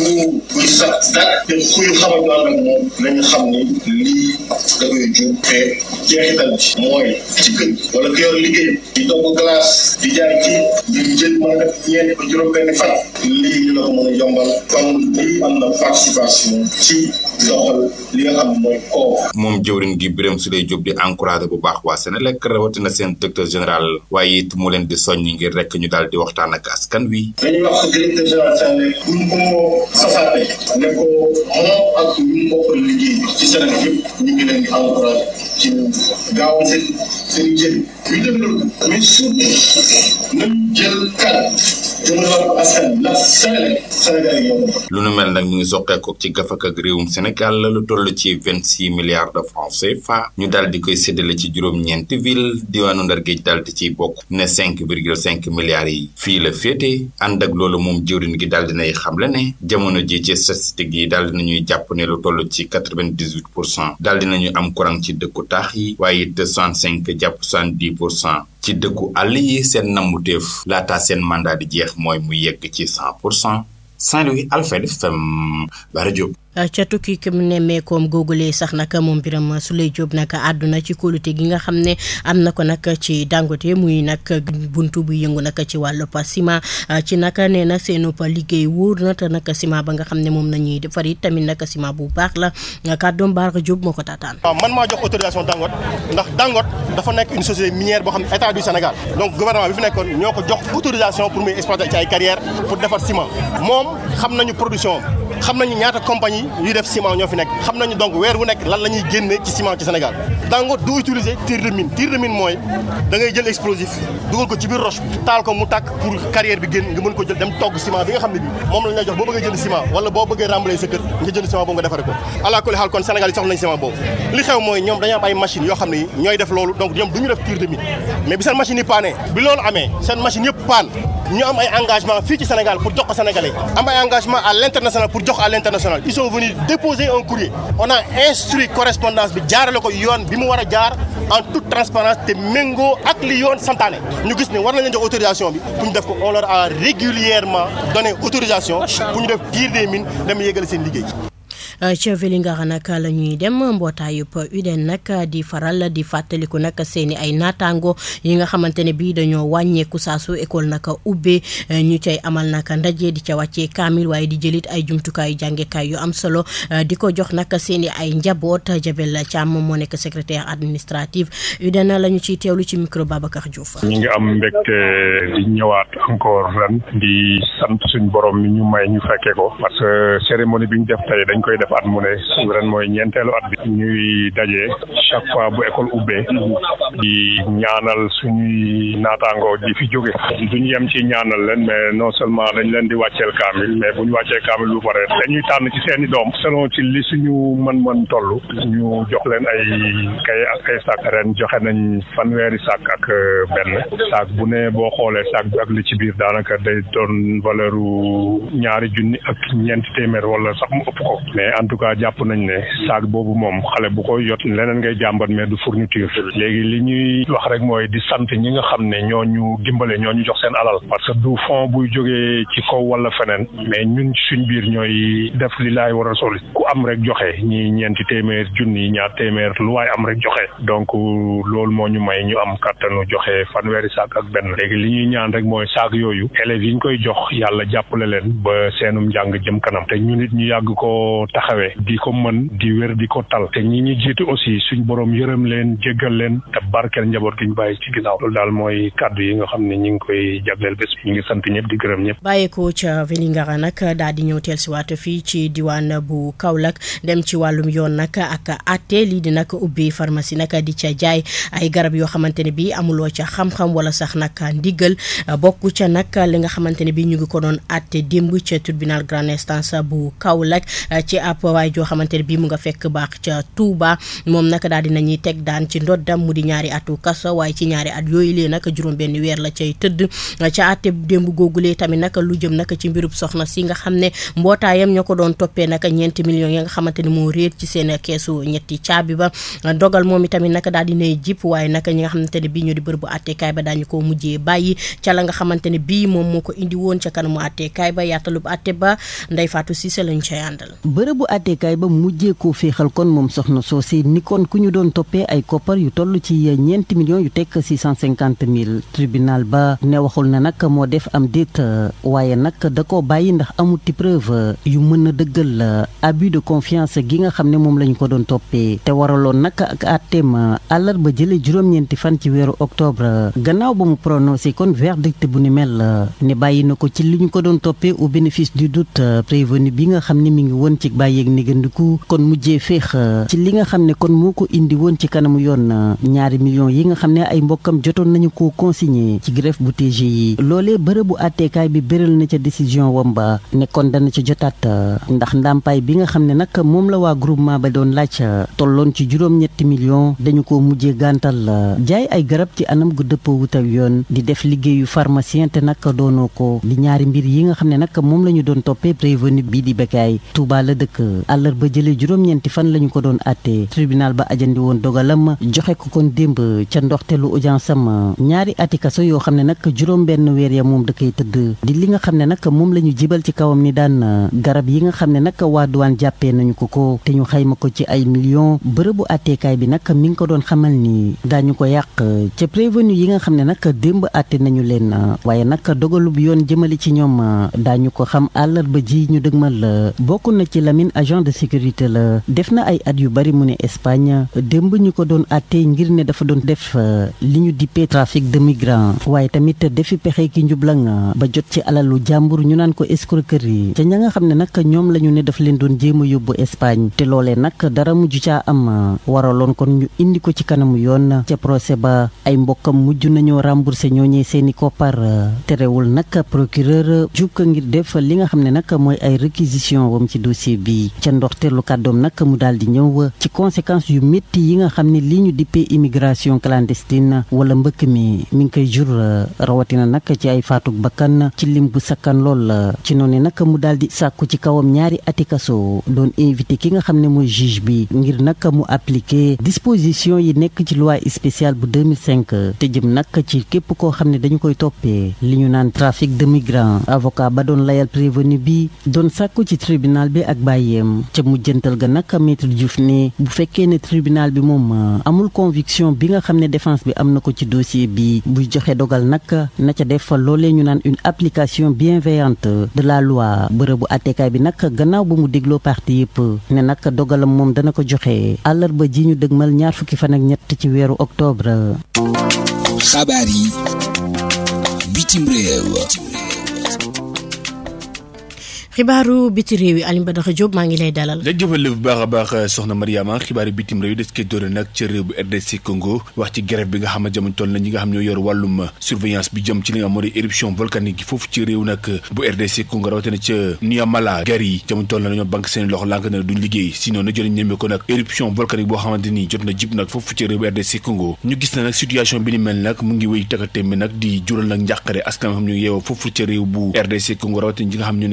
ku kuy sax dara te kuy xamatuwaat nag moom nañu xam ni lii da koy jur te jeexital mooy ci wala ku yor liggéey di togg glace di jaay ci di jël mën a def ñeent ba juróom-benn fan mën a yombal kon lii am na participation doxal li nga mooy koow moom jëwriñ gi Birame Souleye Diop di encouragé bu baax waa Senelec rawatina seen directeur général waaye it mu leen di soññi ngir rek ñu daal di waxtaan ak askan wi. dañuy wax directeur ñu ko ne ñu ngi leen ci gaaw seen jël kan jëmale askan la Senelec Sénégal yi lu nu mel nag mu ngi soqeekoo ci gafak ak réewum Sénégal la lu toll ci vingt six milliards de francs CFA ñu daal di koy séddale ci juróom-ñeenti ville diwaanu Ndar Géej daal di ciy bokk ne cinq virgule cinq milliards yi fii la féete ànd ak loolu moom jëwriñ gi daal dinay xamle ne jamono ji ci statistique yi daal dinañuy jàpp ne lu toll ci quatre vingt pour cent daal dinañu am courant ci dëkku taax yi waaye it cent cinq jàpp cent dix pour cent ci dëkku àll yi seen nammuteef laataa seen mandat di jeex mooy mu yegg ci cent pour cent Saint-Louis Alfayda FM Bara Diop Uh, ca tukki ki mu nemmeekoom googulee sax nag moom biram su Souleye jóob nag àdduna ci kóolute gi nga xam ne am na ko nag ci Dangote muy nag buntu bu yëngu nag ci wàllu ciment uh, ci nag nee na seenub liggéey wóor na te nag ciment ba nga xam ne moom la ñuy defar it tamit nag ciment bu baax la uh, kàddoom Bara Diop moo ko taataan. waaw man maa jox autorisation Dangote ndax Dangote dafa nekk une société minière boo xam ne état du Sénégal donc gouvernement bi fi ñoo ko jox autorisation pour muy exploiter moom xam nañu production xam nañu ñaata compagnie yuy def ciment ñoo fi nekk xam nañu donc weer wu nekk lan la génne ci ciment ci Sénégal Dangote du utiliser tir de mine tir de mine mooy da jël explosif dugal ko ci biir roche taal ko mu tàkk pour carrière bi génn nga mën jël dem togg ciment bi nga xam ne bi moom lañ jox boo bëggee jënd ciment wala boo bëggee remblay sa kër nga jënd boobu nga defare ko ala xaal kon Sénégal soxla nañu ciment boobu li xew jox à l'international ils sont venus déposer on a instruit correspondance bi jaarale ko yoon bi mu war a jaar en toute transparence te méngoo ak li yoon santaane ñu gis ne war nañ leen jox autorisation bi pour ñu def ko on leur a régulièrement donné autorisation pour ñu def tir des mines dem yéegale seen liggéey Euh, ca Vélingara nag la ñuy dem mbootaayub UDEN nag di faral la di fàttaliku nag seeni ay naataango yi nga xamante ne bii dañoo wàññeeku saa su école nag ubbee euh, ñu cay amal nag ndaje di ca wàccee kaamil waaye di jëlit ay jumtukaayu jàngekaay yu am solo euh, di ko jox nag seeni ay njaboot a Jabel Thiam moo nekk secrétaire administratif UDEN la ñu ciy lu ci micro Babacar Diouf. ñu ngi am mbégte di ñëwaat encore ren di sant suñu borom ñu may ñu fekkee def at mu ne ren mooy ñeenteelu at bi ñuy daje chaque fois bu école ubbee di ñaanal suñuy naataangoo di fi jóge ñu yem ci ñaanal leen mais non seulement dañ leen di wàcceel kaamil mais bu ñu wàccee kaamil bu pare dañuy tànn ci seeni doom selon ci li suñu mën-mën toll ñu jox leen ay kay ak ay sac ren joxe nañ fanweeri sac ak euh, benn sac bu ne boo xoolee sac bi ak li ci biir daanaka day doon valeur ñaari junni ak ñeenti téeméer wala sax ëpp ko en tout cas jàpp nañ ne saag boobu moom xale bu koy yot leneen ngay jàmbat mais du fourniture léegi li ñuy wax rek mooy di sant ñi nga xam ne ñoo ñu dimbale ñoo ñu jox seen alal parce que du fond buy jógee ci kaw wala feneen me ñun suñ biir ñooy def li laay war a soli ku am rek joxe ñi ñeenti téeméer junni ñaar téeméer lu waaye am rek joxe donc loolu moo ñu may ñu am kàttanu joxe fanweeri saak ak benn léegi li ñuy ñaan rek mooy saag yooyu élèves yi ñu koy jox yàlla jàppale leen ba seenum taxawee di ko mën di wér di ko tal te ñi ñu jiitu aussi suñ borom yërëm leen jéggal leen te ñu bàyyi ci ginnaaw loolu daal mooy kàddu yi nga xam ne ñi ngi koy jagleel bés ñu ngi di gërëm ñëpp. bàyyeekoo ca Vélingara nag daal di ñëw teel si waat fii ci diwaan bu Kaolack dem ci wàllum yoon nag ak àtte lii di nag ubbi pharmacie nag di ca jaay ay garab yoo xamante ne bii amuloo ca xam-xam wala sax nag ndigal bokk ca nag li nga xamante ne bii ñu ngi ko doon àtte démb ca tribunal grande instance bu Kaolack ci ab waay joo xamante ne bii mu nga fekk baax ca Touba moom nag daal dinañuy teg daan la cay tëdd ca àtte démb googulee tamit lu jëm nag ci mbirub soxna si nga xam ne mbootaayam ñoo ko doon toppee nag ñeenti millions yi nga xamante ne moo réer ci seen keesu ñetti caabi ba dogal moom itamit nag daal dinay jip waaye nag ñi nga xamante ne bii ñoo di ba daañu ko mujjee bàyyi ca la nga xamante ne bii moom moo ko indi woon ca kanamu ba yaatalub àtte ba Ndeye Fatou Cissé lañ bu àtteekaay ba mujjee koo féexal kon moom soxna soosé ni kon ku ñu doon toppee ay koppar yu toll ci ñeenti millions yu tekk six cent cinquante mille tribunal ba ne waxul na nag moo def am déet waaye nag da koo bàyyi ndax amuti preuve yu mën a dëggal abi de confiance gi nga xam ne moom lañu ko doon toppee te waraloon nag ak àtteem ba jële juróom-ñeenti fan ci weeru octobre gannaaw ba mu prononcé kon verdict bu ni mel ne bàyyi na ko ci li ko yeeg niggandiku kon mujjee féex euh, ci li nga xam ne kon moo ko indi woon ci kanamu yoon euh, ñaari millions yi nga xam ne ay mbokkam jotoon nañu ko consigné ci greffe bu TG yi loolee bërëbu àtteekaay bi bëral na ca décision wam ba ne kon dana ca jotaat euh, ndax ndàmpaay bi nga xam ne nag moom la waa groupement ba doon laaj tolloon ci juróom-ñetti millions dañu ko mujjee gàntal jaay ay garab ci anam gu dëppoowut ak yoon di def liggéeyu pharmacien te nag doonoo mbir yi nga xam ne nag moom la ñu àllarba jëlee juróom-ñeenti fan la ñu ko doon àttee tribunal ba ajandi woon dogalam joxe ko kon démb ca ndoxteelu audience am ñaari ati kaso yoo xam ne nag juróom-benn weer ya moom da koy tëdd di li nga xam ne nag moom la ñu jibal ci kawam ni daan garab yi nga xam ne nag waa duwaan jàppee nañu ko ko te ñu xayma ko ci ay millions bërëbu àtteekaay bi nag mi ngi ko doon xamal ni daañu ko yàq ca prévenu yi nga xam ne nag démb àtte nañu leen waaye nag dogalub yoon jëmale ci ñoom daañu ko xam àllarba ji ñu agent de sécurité la def na ay at yu bari mu ne Espagne démb ñu ko doon àttee ngir ne dafa doon def euh, li ñu dippee trafic de migrants waaye tamit defi pexe ki njublang ba jot ci alalu jàmbur ñu naan ko kër escroquerie ca ña nga xam ne nag ñoom la ñu ne dafa leen doon jéem a yóbbu Espagne te loolee nag dara mujj caa am waraloon kon ñu indi ko ci kanamu yoon ca procès ba ay mbokkam mujj nañoo remboursé ñooñee seeni koppar terewul nag procureur jukka ngir def li nga xam ne nag mooy ay réquisition wam ci dossier bi yi ca ndoxteelu kàddoom nag mu daal di ñëw ci conséquences yu métti yi nga xam ne li ñu dippee immigration clandestine wala mbëkk mi mi ngi koy jur rawatina nag ci ay faatug bakkan ci lim bu sakkan lool ci noonu nag mu daal di sàkku ci kawam ñaari ati doon invité ki nga xam ne mooy juge bi ngir nag mu appliquer disposition yi nekk ci loi spéciale bu 2005 te jëm nag ci képp koo xam ne dañu koy toppee li ñu naan trafic de migrants avocat ba doon yem ca mujjantal ga nag maître Diouf ne bu fekkee ne tribunal bi moom euh, amul conviction bi nga xam ne défense bi am na ko ci dossier bi buy joxe dogal nag na ca def fa loolee ñu naan une application bienveillante de la loi bërëbu attekaay bi nag gannaaw ba mu dégloo parti yëpp ne nag dogalam moom dana ko joxe àllarba ji ñu dëgmal ñaar fukki fan ak ñett ci weeru octobre. xabaar yi bitim réew. xibaaru biti réew yi Alioune Badara maa ngi lay dalal. jaajëfal bu baax a baax soxna Mariama xibaaru bitim réew yi des koy nag ca réew bu RDC Congo wax ci nga xam ne jamono toll na ñi nga xam ñoo yor wàllum surveillance bi jëm ci li nga xam moo di éruption volcanique yi foofu ci réew nag bu RDC Congo rawatina ca Niamala gar yi na dañoo banque seen loxo na duñ liggéey sinon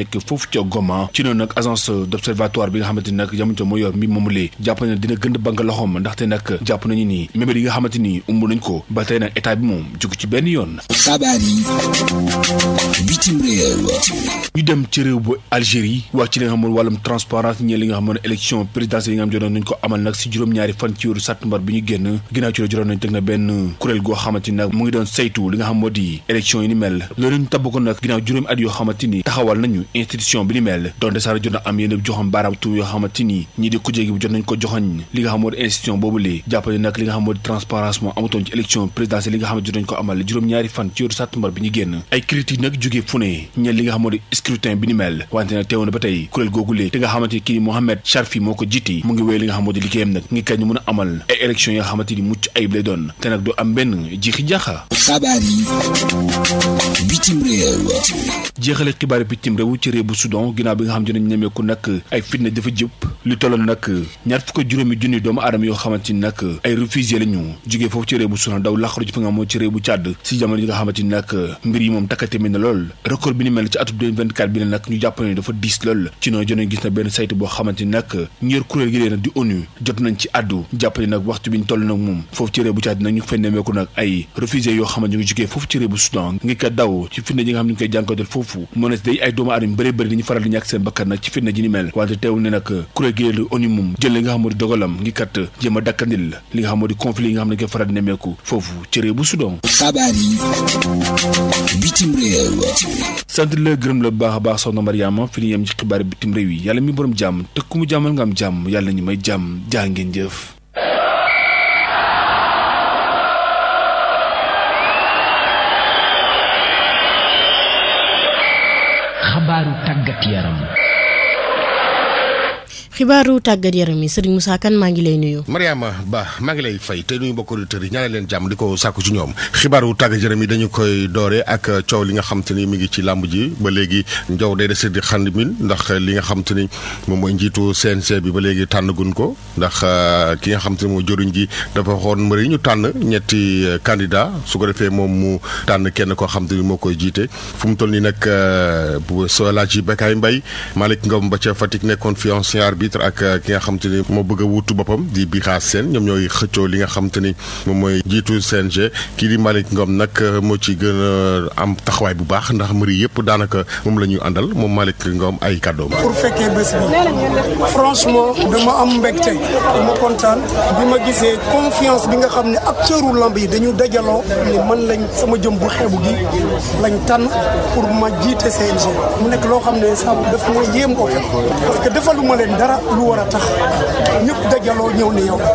nekk foofu nekk ca Goma ci noonu nag agence d' observatoire bi nga xamante ni nag jamono ji moo yor mi moomu lee jàpp na dina gën a bank loxoom ndaxte nag jàpp nañu ni mébét yi nga xamante ni umb nañ ko ba tey nag état bi moom jugu ci benn yoon. xabaar yi bitim réew. ñu dem ci réew bu Algérie wax ci li nga xam ne wàllum transparence ñeel li nga xam ne xam jotoon nañ ko amal nag si juróom-ñaari fan ci weeru sàttumbar bi ñu génn ginnaaw ci la juróom nañ teg na benn kuréel goo xamante nag mu ngi doon saytu li nga xam moo di élection yi ni mel loolu ñu tabb ko nag ginnaaw juróomi at yoo xamante ni taxawal nañu institution situation bi juróom-ñaari fan ci yoru sàttumbar bi ñu génn ay critique nag jógee fu ne ñeel li nga xam di scrutin bi mel wante nag teewoon ba tey kuréel googulee te nga xamante kii di Sharfi moo ko jiite mu ngi wéy li nga xam di liggéeyam nag ngi kañ mën a amal ay élection yi nga mucc ayib lay doon te nag du am benn jiixi jaaxa xabaar yi bitim réew jeexale xibaar bitim réew ci réew bu Soudan ginnaaw bi nga xam te ne ñemeeku nag ay fitna dafa jëpp ni nag ay réfugié la ñu jógee foofu ci réew bu Soudan nga xam ci réew nga xamante ni na lool record bi ni mel ci atum 2024 bi ne nag ñu jàpp ne foofu ci réew bu ay réfugié yi nga xam ne dañuy faral di ñàkk seen bakkan nag ci fitna ji ni mel wante teewul ne nag kuréel gi lu jël nga xam moo di dogalam ngi kat jéem a la li nga xam moo di conflit yi nga xam ne nga faral di nemmeeku foofu ci réew bu Soudan. xabaar yi bitim réew. sant la gërëm la bu baax a baax soxna Mariama fi ñu yem ci xibaar bitim réew yi yàlla mi borom jàmm te ku mu jàmmal nga am jàmm yàlla ñu may jàmm jaa jëf ci yaram xibaaru tàggat yaram yi Serigne Moussa Kane maa ngi lay nuyu. Mariama Ba maa ngi lay fay te nuyu mbokk auditeurs yi ñaanal leen jàmm di ko sàkku ci ñoom xibaaru tàggat yaram yi dañu koy doore ak coow li nga xam te ni mi ngi ci làmb ji ba léegi njaw de sedd di xand min ndax li nga xam te ni moom mooy njiitu CNC bi ba léegi tànnagun ko ndax euh, ki nga xam ni mooy joriñ ji dafa waxoon mbër yi ñu tànn ñetti euh, candidat su ko defee moom mu tànn kenn koo xam ni moo koy jiite fu mu toll nii nag euh, bu soo laaj yi Bekaay Mbaye Malick Ngom ba ca Fatick nekkoon fi ancien arbitre litre ak euh, ki nga xam ni moo bëgg a wutu boppam di Bira Sène ñoom ñooy xëccoo li nga xam te ni moom mooy jiitu CNG kii di Malick ngoom nag euh, moo ci gën a am taxawaay bu baax ndax mbir yëpp daanaka moom lañuy àndal moom Malick ngoom ay kàddoom. pour fekkee bés bi franchement dama am mbégte dama ma gisee confiance bi nga xam ne acteuru lamb yi dañu dajaloo ne man lañ sama jëm bu xeebu gi lañ tànn pour ma jiite CNG mu nekk loo xam ne sax daf ma yéem ko lu war a tax ñëpp dajaloo ñëw ne yow la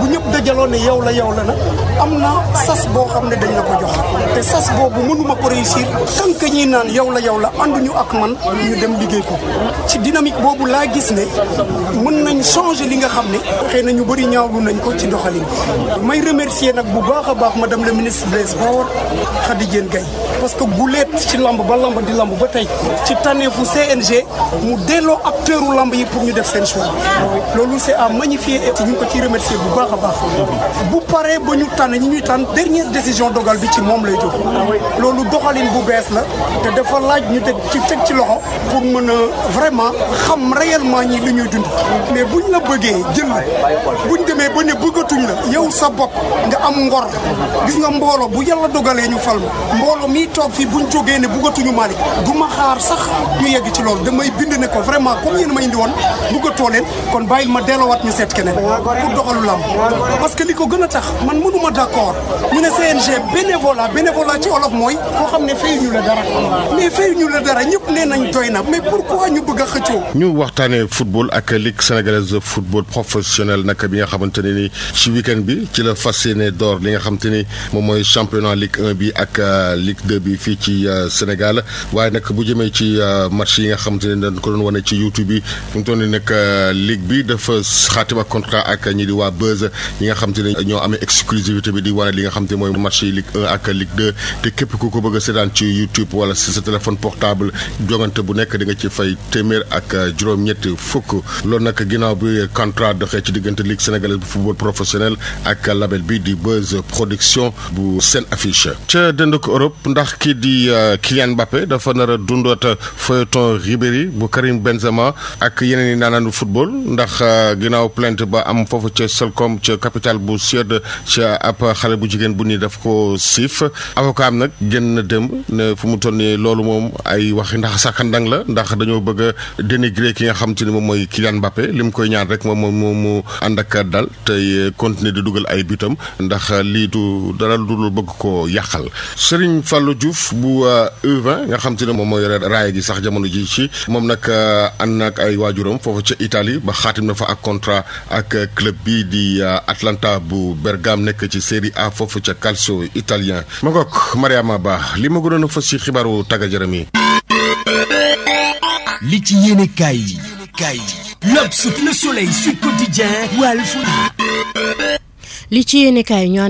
bu ñëpp dajaloo ne yow la yow la na am na sas boo xam ne dañ la ko jox te sas boobu mënuma ko réussir tant que ñi naan yow la yow la ànduñu ak man ñu dem liggéey ko ci dynamique boobu laa gis ne mën nañ changer li nga xam ne xëy na ñu bëri ñaawlu nañ ko ci doxalin may remercier nag bu baax a baax ma madame la ministre ba sports Khady Diène Gaye parce que guleet ci lamb ba lamb di lamb ba tey ci tànneefu CNG mu delloo yi pour ñu def production bi loolu c'est à magnifier et ñu ko ci remercier bu baax a baax bu paree ba ñu tànn ñi ñuy tànn dernière décision dogal bi ci moom lay jóg loolu doxalin bu bees la te dafa laaj ñu teg ci teg ci loxo pour mën a vraiment xam réellement ñi lu ñuy dund mais bu buñ la bëggee jël buñ demee ba ne bëggatuñ la yow sa bokk nga am ngor gis nga mbooloo bu yàlla dogalee ñu fal ma mbooloo mi toog fii bu ñu jógee ne bëggatuñu Malick du ma xaar sax ñu yegg ci loolu damay bind ne ko vraiment comme ma indi woon bëggatoo leen kon bàyyil ma delloowaat ñu seet keneen pour doxalu lamb parce que li ko gën a tax man mënuma d'accord ñu ne CNG bénévolat bénévolat ci olof mooy koo xam ne fay ñu la dara mais fay doy na mais pourquoi ñu bëgg xëccoo ñu waxtaanee football ak ligue sénégalaise de football professionnel nag bi nga xamante ne ni ci week bi ci la fas yéene door li nga xamante ni moom mooy championnat ligue 1 bi ak euh, ligue 2 bi fii ci euh, Sénégal waaye nag bu jëmee ci euh, match yi nga xamante ne Euh, ligue bi dafa xaatima contrat ak ñi di waa Beuz ñi nga xam te ne ñoo amee exclusivité bi di wane li nga xam te mooy match yi ligue 1 ak ligue 2 te képp ku ko bëgg a seetaan ci YouTube wala si sa téléphone portable jongante bu nekk di nga ci fay téeméer ak juróom-ñetti fukk loolu nag ginnaaw bi contrat doxee ci diggante ligue sénégalaise bu football professionnel ak label bi di Beuz production bu seen affiche. ca ko Europe ndax kii di euh, Kylian Mbappé dafa nar a dundoota feuilleton Ribéry bu domaine football ndax euh, ginnaaw plainte ba am foofu ca Selcom ca capitale bu Suède ca ab xale bu jigéen bu nii daf ko siif avocat am nag génn na démb ne fu mu toll nii loolu moom ay waxi ndax sàkkandang la ndax dañoo bëgg a dénigrer ki nga xam te ni moom mooy Kylian Mbappé li koy ñaan rek moom moom mu ànd dal tey continuer di dugal ay bitam ndax lii du dara dul bëgg ko yàqal Serigne Fallou Diouf bu U20 euh, nga xam te ne moom mooy raaya gi sax jamono ji ci moom nag euh, ànd nag ay waajuram foofu ca itali ba xaatim na fa ak contrat ak club bi di euh, Atlanta bu Bergame nekk ci Serie A foofu ca calcio italien ma Mariama Ba li ma gënoon a fas ci xibaaru tàggat yaram li ci yéene yi kaay yi li ci yéene kaay ñu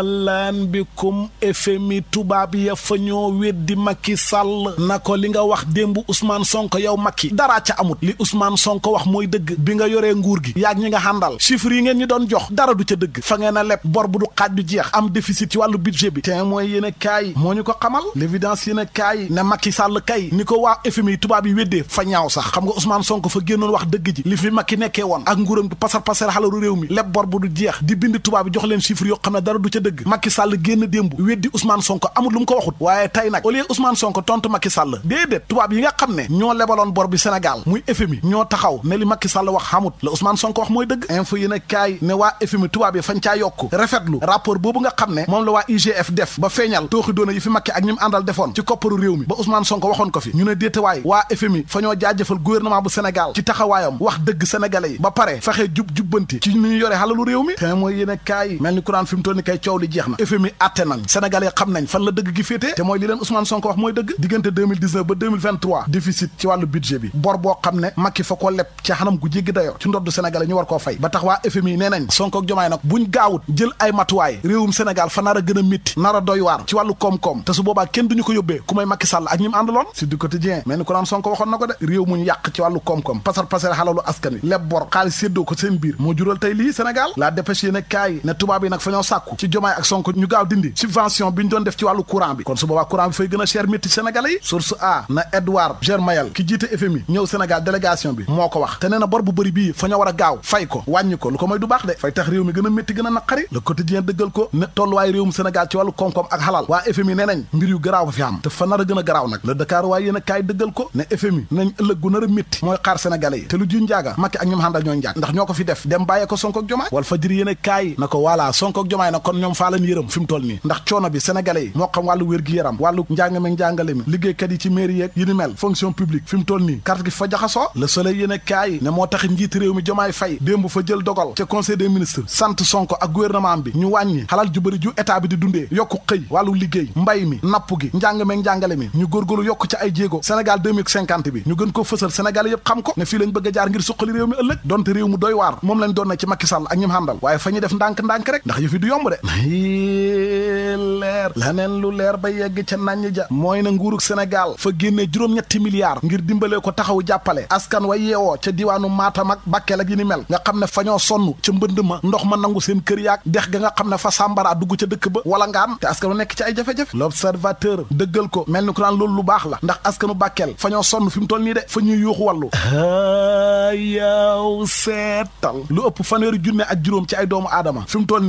ahlan bikum FMI tubaab ya fa ñoo weddi Macky Sall na ko li nga wax démb Ousmane Sonko yow Macky daraa ca amut li Ousmane Sonko wax mooy dëgg bi nga yoree nguur gi yaag ñi nga xàndal chiffres yi ngeen ñu doon jox dara du ca dëgg fa ngeen a leb bor bu du xaaj du jeex am déficit ci wàllu budget bi te mooy a kaay moo ñu ko xamal l'évidence yéen ne Macky Sall kay ni ko waa FMI tubaab yi weddee fa ñaaw sax xam nga Ousmane Sonko fa génnoon wax dëgg ji dëgg Macky Sall génn démb weddi Ousmane Sonko amul lu mu ko waxut waaye tey nag au lieu Ousmane Sonko tontu Macky Sall déedéet tubaab yi nga xam ne ñoo lebaloon bor bi Sénégal muy FMI ñoo taxaw ne li Macky wax xamut la Ousmane Sonko wax mooy dëgg info yi ne kaay ne waa FMI tubaab yi fañ yokk rafetlu rapport boobu nga xam ne moom la waa IGF def ba feeñal tooxi doona yi fi Macky ak ñi àndal defoon ci kopparu réew mi ba Ousmane Sonko ko fi a li jeex na FMI atte nañ sénégalais xam nañ fan la dëgg gi féetee te mooy li leen Ousmane Sonko wax mooy dëgg diggante ba 2023 ci wàllu budget bi bor boo xam ne Macky fa ko leb ci xanam gu jéggi dayoo ci ndoddu sénégalais ñu war koo fay ba tax waa FMI nee nañ Sonko Jomaay nag buñ gaawut jël ay matuwaay réewum Sénégal fa nar a gën a métti nar a doy ci wàllu koom-koom te su boobaa kenn duñu ko yóbbee ku may Macky Sall ak ñi mu àndaloon si Diomaye ak Sonko ñu gaaw dindi subvention bi ñu doon def ci wàllu courant bi kon su boobaa courant bi fay gën a cher métti yi source a na Edouard Germayel ki jiite FMI ñëw Sénégal délégation bi moo ko wax te nee bor bu bëri bii fa war a gaaw fay ko wàññi ko lu ko may du baax de fay tax réew mi gën a métti gën a naqari le quotidien dëggal ko ne tolluwaay réewum Sénégal ci wàllu koom-koom ak xalal waa FMI nee mbir yu garaaw fa fi am te fa nar faa leen yërëm fi mu toll nii ndax coono bi sénégalais yi moo xam wàllu wér gi yaram wàllu njàng mi njàngale mi liggéeykat yi ci mairie yeeg yi ni mel fonction publique fi mu toll nii carte gi fa jaxasoo le soleil yéen a kaay ne moo tax njiit réew mi jomaay fay démb fa jël dogal ca conseil des ministres sant sonko ak gouvernement bi ñu wàññi xalal ju bëri ju état bi di dundee yokk xëy wàllu liggéey mbay mi napp gi njàng meeg njàngale mi ñu góorgóorlu yokk ci ay jéego sénégal 2050 bi ñu gën ko fësal sénégal yépp xam ko ne fii a jaar ngir suqali réew mi ëllëg donte réew mu doy waar moom lañ doon na def ndànk-ndànk rek ndax yëf yi du yomb leer laneen lu leer ba yegg ca nañ ja mooy na nguurug Sénégal fa génne juróom-ñetti milliards ngir dimbalee ko taxaw jàppale askan wa yeewoo ca diwaanu maata ak Bakel ak yi ni mel nga xam ne fañoo sonn ca mbënd ma ndox ma nangu seen kër yaak dex ga nga xam ne fa sàmbara dugg ca dëkk ba wala nga am te askan wa nekk ci ay jafe-jafe l'observateur dëggal ko mel ni ko naan loolu lu baax la ndax askanu Bakel fa ñoo sonn fi mu toll nii de fa ñuy yuuxu wàllu junne ak juróom ci ay doomu aadama fi mu toll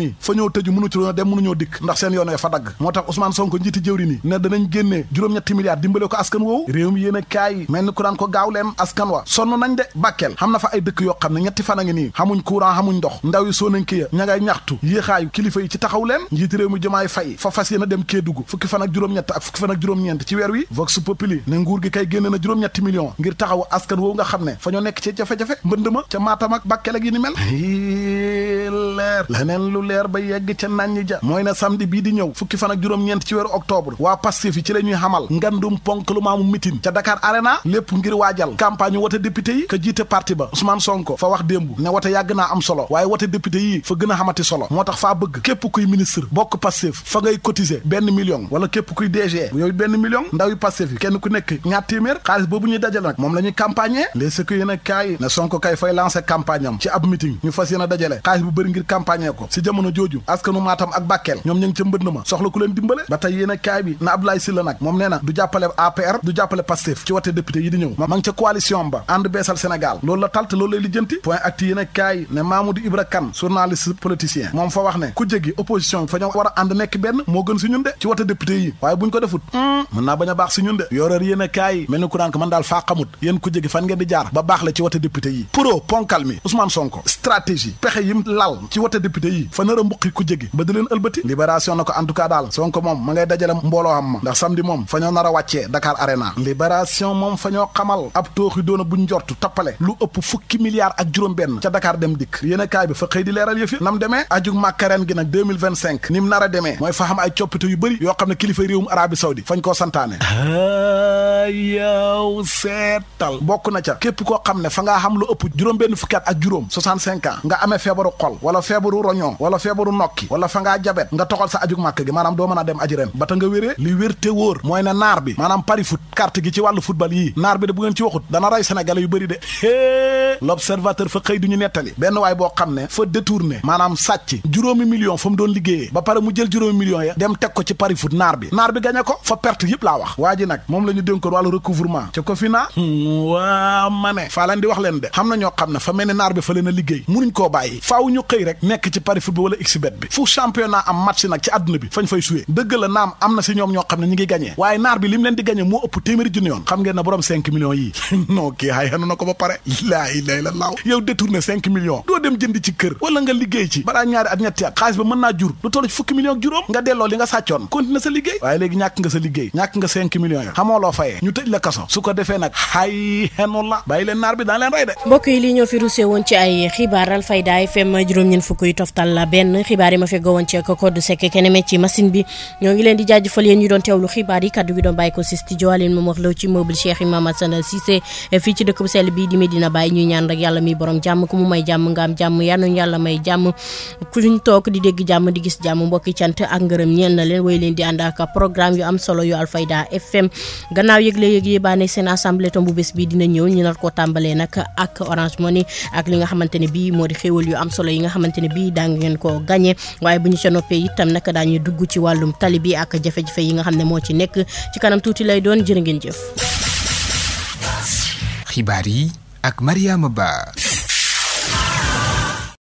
mënuñoo dem mënuñoo dikk ndax seen yoonee fa dagg moo tax Ousmane Sonko njiiti jëwri ni ne danañ génnee juróom-ñetti milliards dimbale ko askan woowu réew mi yéen a kaay mel ni ku daan ko gaaw leen askan wa sonn nañ de Bakel xam na fa ay dëkk yoo ne ñetti fan a nii xamuñ courant xamuñ ndox ndaw yi Soninke ya ña ñaxtu yéexaayu kilifa ci taxaw leen njiiti réew mi Diomaye Faye fa fas yéen a dem Kédougou fukki fan juróom-ñett ak fukki fan gàññ ja mooy na samedi bii di ñëw fukki fan ak juróom-ñeent ci weeru octobre waa Pastef yi ci la ñuy xamal ngandum ponk lu maamu mitin ca Dakar Arena lépp ngir waajal campagne wote député yi ka jiite parti ba Ousmane Sonko fa wax démb ne wote yàgg naa am solo waaye wote député yi fa gën a xamati solo moo tax faa bëgg képp kuy ministre bokk Pastef fa ngay cotiser benn million wala képp kuy DG yow benn million ndaw yu Pastef yi kenn ku nekk ñaar téeméer xaalis boobu ñuy dajal nag moom la ñuy campagne les secours a kaay ne ñu fas yéen a dajale xaalis bëri ngir campagne ko si jamono jooju Matam ak Bakel ñoom fa wax war a ànd nekk benn moo gën si ñun de ci wote député yi waaye buñ ko defut hmm. mën naa bañ a baax si ñun de yooreer yéen a mel ni ku naan ko mën daal faa xamut yéen ku jégi fan ngeen di jaar ba baax la ci wote député yi pro ponkal mi Ousmane Sonko stratégie pexe yim lal ci wote député yi fa nar a mbuqi ku jégi ba di leen ëlbati libération na ko en tout cas daal moom ma ngay dajale mbooloo am ma ndax samedi moom fa ñoo nar a wàccee Dakar Arena libération moom fa ñoo xamal ab tooxi doona bu njortu tappale lu ëpp fukki milliards ak juróom benn ca dakaar dem dikk yéen a kaay bi fa xëy di leeral yëf yi nam demee ajug màkkaren gi nag 2025 nim nar a demee mooy fa xam ay coppite yu bëri yoo xam ne kilifa réewum Arabie Saoudi fañ ko santaane ah, yow seetal bokk na ca képp koo xam ne fa ngaa xam lu ëpp juróom benn fukki ak juróom 65 ans nga amee feebaru xol wala feebaru roñoo wala fa fa ngaa jabet nga toxal sa ajug màkk gi maanaam doo mën dem aji ren nga wéree li wér te wóor mooy ne naar bi maanaam pari foot carte gi ci wàllu football yii naar bi de bu ci waxut dana rey sénégalais yu bëri de l'observateur fa xëy du ñu nettali benn waay boo xam ne fa détourné maanaam sàcc juróomi million fa mu doon liggéeyee ba pare mu jël juróomi millions ya dem teg ko ci pari foot naar bi naar bi gañe ko fa perte yëpp laa wax waa nag moom la ñu dénkoon hmm, na ñoo xam ne fa mel ne naar bi a liggéey munuñ koo bàyyi faaw ñu xëy rek nekk ci pari championnat match nag ci àdduna bi fañ fay joué dëgg la naam am na si ñoom ñoo xam ne ñi ngi gagné waaye naar bi li leen di gagné moo ëpp téeméeri junni yoon xam ngeen na borom cinq millions yi non kii xay xenu na ko ba pare laa ilaaha illallaah yow détourné cinq millions doo dem jënd ci kër wala nga liggéey ci balaa ñaari at ñetti at xaalis ba mën naa jur lu toll ci fukki millions juróom nga delloo li nga sàccoon continué sa liggéey waaye léegi ñàkk nga sa liggéey woon ci Codou Seck keneen ci machine bi ñoo ngi leen di jaajëfal yéen ñu doon teewlu xibaar yi kaddu gi doon bàyyi ko si studio Aline Momar Lo ci meuble Cheikh Imam Assane Cissé fii ci dëkk bu sell bii di Medina Baye ñuy ñaan rek yàlla mi borom jàmm ku mu may jàmm nga am jàmm yal nañu yàlla may jàmm ku ñu toog di dégg jàmm di gis jàmm mbokki cant ak ngërëm ñeel na leen way leen di ànd ak programme yu am solo yu Alfayda FM gannaaw yëgle-yëg yi baane seen assemblée tombu bés bi dina ñëw ñu nar koo tàmbalee nag ak Orange Money ak li nga xamante ne bii moo di xéewal yu am solo yi nga xamante ne bii daa ngeen ko gagné waaye bu ñu ca noppee itam naka daañuy dugg ci wàllum tali bi ak jafe-jafe yi nga xam ne moo ci nekk ci kanam tuuti lay doon jër ngeen jëf. xibaar yi ak Mariama Ba.